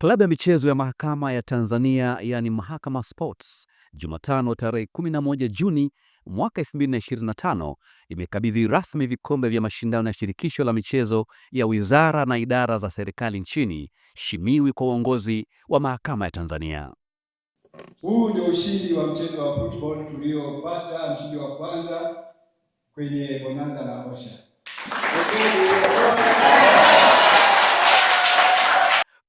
Klabu ya michezo ya mahakama ya Tanzania yaani Mahakama Sports, Jumatano tarehe 11 Juni mwaka 2025 imekabidhi rasmi vikombe vya mashindano ya shirikisho la michezo ya wizara na idara za serikali nchini SHIMIWI kwa uongozi wa mahakama ya Tanzania. Huu ndio ushindi wa mchezo wa football tuliopata, mshindi wa kwanza kwenye bonanza la Osha.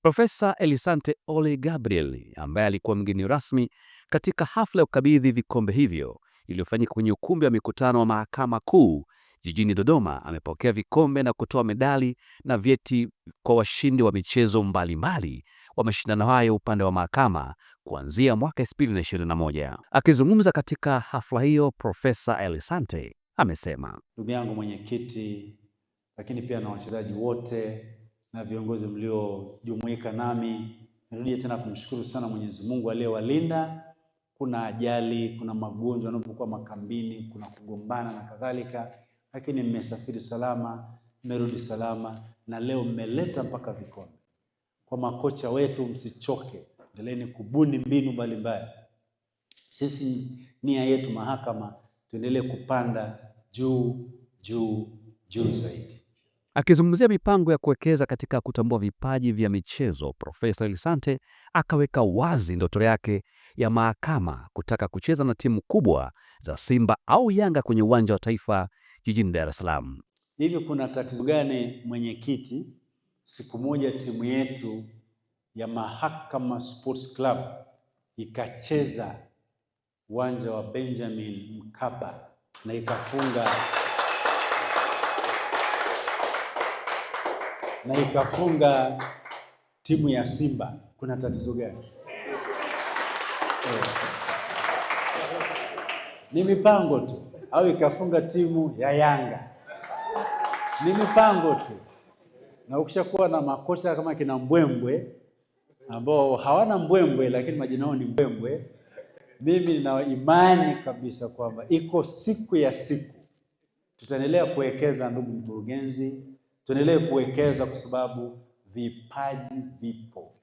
Profesa Elisante Ole Gabriel ambaye alikuwa mgeni rasmi katika hafla ya kukabidhi vikombe hivyo iliyofanyika kwenye ukumbi wa mikutano wa Mahakama Kuu jijini Dodoma, amepokea vikombe na kutoa medali na vyeti kwa washindi wa michezo mbalimbali wa mashindano hayo upande wa mahakama kuanzia mwaka 2021. Akizungumza katika hafla hiyo, Profesa Elisante amesema, ndugu yangu mwenyekiti, lakini pia na wachezaji wote na viongozi mliojumuika nami. Nirudie tena kumshukuru sana Mwenyezi Mungu aliyewalinda. Kuna ajali, kuna magonjwa yanapokuwa makambini, kuna kugombana na kadhalika, lakini mmesafiri salama, mmerudi salama, na leo mmeleta mpaka vikombe. Kwa makocha wetu, msichoke, endeleeni kubuni mbinu mbalimbali. Sisi nia yetu mahakama, tuendelee kupanda juu juu juu zaidi. Akizungumzia mipango ya kuwekeza katika kutambua vipaji vya michezo, Profesa Elisante akaweka wazi ndoto yake ya mahakama kutaka kucheza na timu kubwa za Simba au Yanga kwenye uwanja wa Taifa jijini Dar es Salaam. Hivyo kuna tatizo gani, mwenyekiti? Siku moja timu yetu ya Mahakama Sports Club ikacheza uwanja wa Benjamin Mkapa na ikafunga na ikafunga timu ya Simba, kuna tatizo gani? Eh. ni mipango tu, au ikafunga timu ya Yanga, ni mipango tu. Na ukishakuwa na makocha kama kina Mbwembwe ambao hawana mbwembwe, lakini majina yao ni mbwembwe, mimi nina imani kabisa kwamba iko siku ya siku tutaendelea kuwekeza, ndugu mkurugenzi tuendelee kuwekeza kwa sababu vipaji vipo.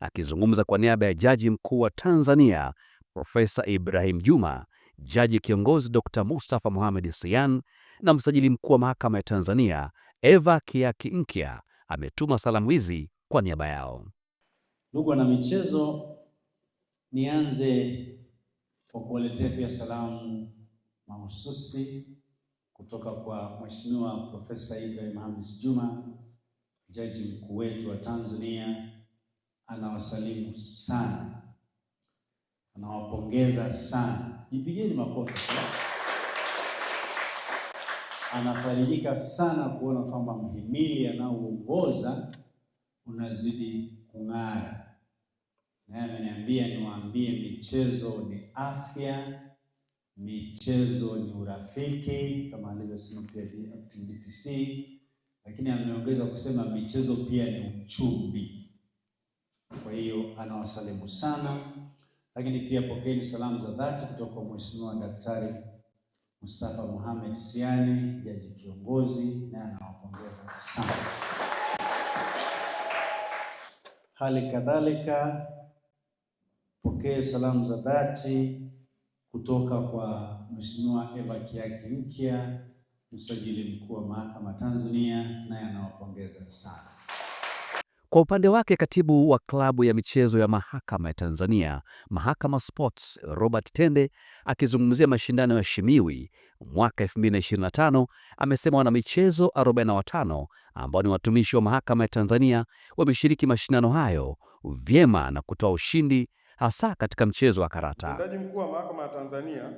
Akizungumza kwa niaba ya Jaji Mkuu wa Tanzania Profesa Ibrahim Juma, Jaji Kiongozi Dr. Mustafa Mohamed Sian na Msajili Mkuu wa Mahakama ya Tanzania Eva Kiaki Nkya ametuma salamu hizi kwa niaba yao. Ndugu wana michezo, nianze kwa kuwaletea pia salamu mahususi kutoka kwa Mheshimiwa Profesa Ibrahim Hamis Juma, jaji mkuu wetu wa Tanzania. Anawasalimu sana, anawapongeza sana, jipigeni makofi. Anafarijika sana kuona kwamba mhimili anaoongoza unazidi kung'ara, naye ameniambia niwaambie, michezo ni afya michezo ni urafiki, kama alivyosema pia DPC, lakini ameongeza kusema michezo pia ni uchumi. Kwa hiyo anawasalimu sana, lakini pia pokeeni salamu za dhati kutoka kwa Mheshimiwa Daktari Mustafa Mohamed Siani, jaji kiongozi, naye anawapongeza sana. Hali kadhalika pokee salamu za dhati kutoka kwa Mheshimiwa Eva Kiaki Mkia, msajili mkuu wa mahakama Tanzania, naye anawapongeza sana. Kwa upande wake katibu wa klabu ya michezo ya mahakama ya Tanzania, Mahakama Sports, Robert Tende akizungumzia mashindano ya Shimiwi mwaka 2025 amesema wanamichezo 45 ambao ni watumishi wa mahakama ya Tanzania wameshiriki mashindano hayo vyema na kutoa ushindi hasa katika mchezo wa karata. Mtendaji mkuu wa mahakama ya Tanzania,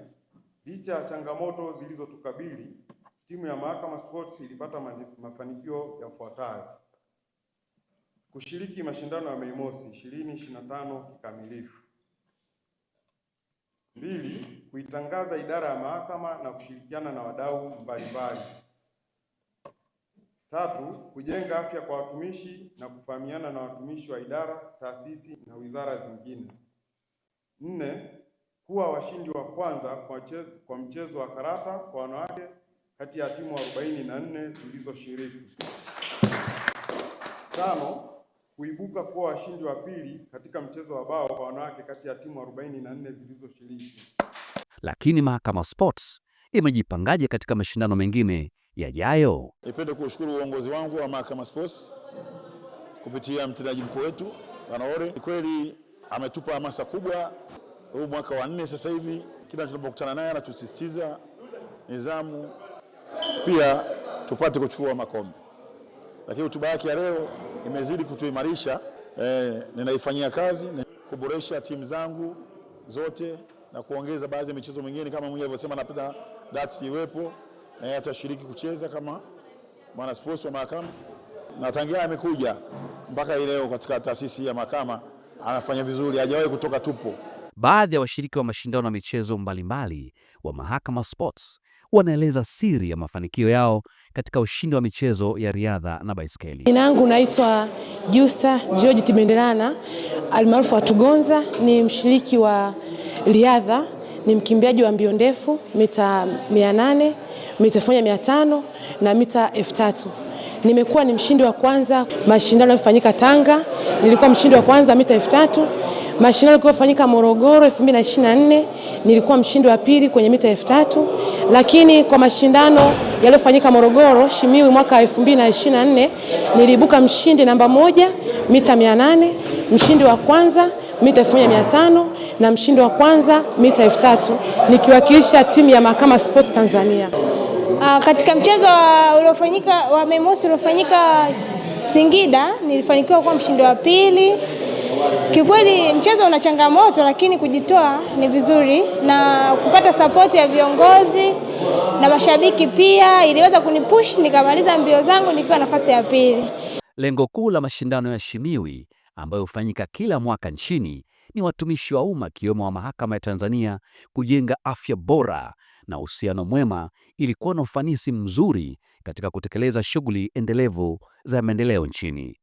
licha ya changamoto zilizotukabili, timu ya Mahakama Sports ilipata mafanikio yafuatayo: kushiriki mashindano ya Mei Mosi 2025 kikamilifu; mbili, kuitangaza idara ya mahakama na kushirikiana na wadau mbalimbali; tatu, kujenga afya kwa watumishi na kufahamiana na watumishi wa idara, taasisi na wizara zingine. Nne, kuwa washindi wa kwanza kwa mchezo wa karata kwa wanawake kati ya timu arobaini na nne zilizoshiriki. Tano, kuibuka kuwa washindi wa pili katika mchezo wa bao kwa wanawake kati ya timu arobaini na nne zilizoshiriki. Lakini Mahakama Sports imejipangaje katika mashindano mengine yajayo? Nipende kuushukuru uongozi wangu wa Mahakama Sports kupitia mtendaji mkuu wetu Bwana Ore. Kweli ametupa hamasa kubwa. Huu mwaka wa nne sasa hivi, kila tunapokutana naye anatusisitiza nidhamu, pia tupate kuchukua makombe. Lakini hotuba yake ya leo imezidi kutuimarisha. E, ninaifanyia kazi kuboresha timu zangu zote na kuongeza baadhi ya michezo mingine kama mwenyewe alivyosema, napenda darts iwepo na yeye atashiriki kucheza kama mwana sports wa mahakama, na tangia amekuja mpaka leo katika taasisi ya mahakama anafanya vizuri, hajawahi kutoka tupo. Baadhi ya washiriki wa mashindano ya michezo mbalimbali wa Mahakama Sports wanaeleza siri ya mafanikio yao katika ushindi wa michezo ya riadha na baiskeli. Jina langu naitwa Justa George Timendelana almaarufu Atugonza, ni mshiriki wa riadha, ni mkimbiaji wa mbio ndefu mita 800, mita 1500 na mita 3000. Nimekuwa ni mshindi wa kwanza mashindano yaliyofanyika Tanga, nilikuwa mshindi wa kwanza mita elfu tatu. Mashindano yaliyofanyika Morogoro 2024 nilikuwa mshindi wa pili kwenye mita elfu tatu. Lakini kwa mashindano yaliyofanyika Morogoro Shimiwi mwaka 2024 niliibuka mshindi namba moja mita 800, mshindi wa kwanza mita 1500 na mshindi wa kwanza mita 3000 nikiwakilisha timu ya Mahakama Sport Tanzania. Uh, katika mchezo uliofanyika wa Mei Mosi uliofanyika Singida nilifanikiwa kuwa mshindi wa pili. Kiukweli mchezo una changamoto, lakini kujitoa ni vizuri na kupata sapoti ya viongozi na mashabiki pia iliweza kunipush nikamaliza mbio zangu nikiwa nafasi ya pili. Lengo kuu la mashindano ya Shimiwi ambayo hufanyika kila mwaka nchini ni watumishi wa umma ikiwemo wa mahakama ya Tanzania kujenga afya bora na uhusiano mwema ili kuwa na ufanisi mzuri katika kutekeleza shughuli endelevu za maendeleo nchini.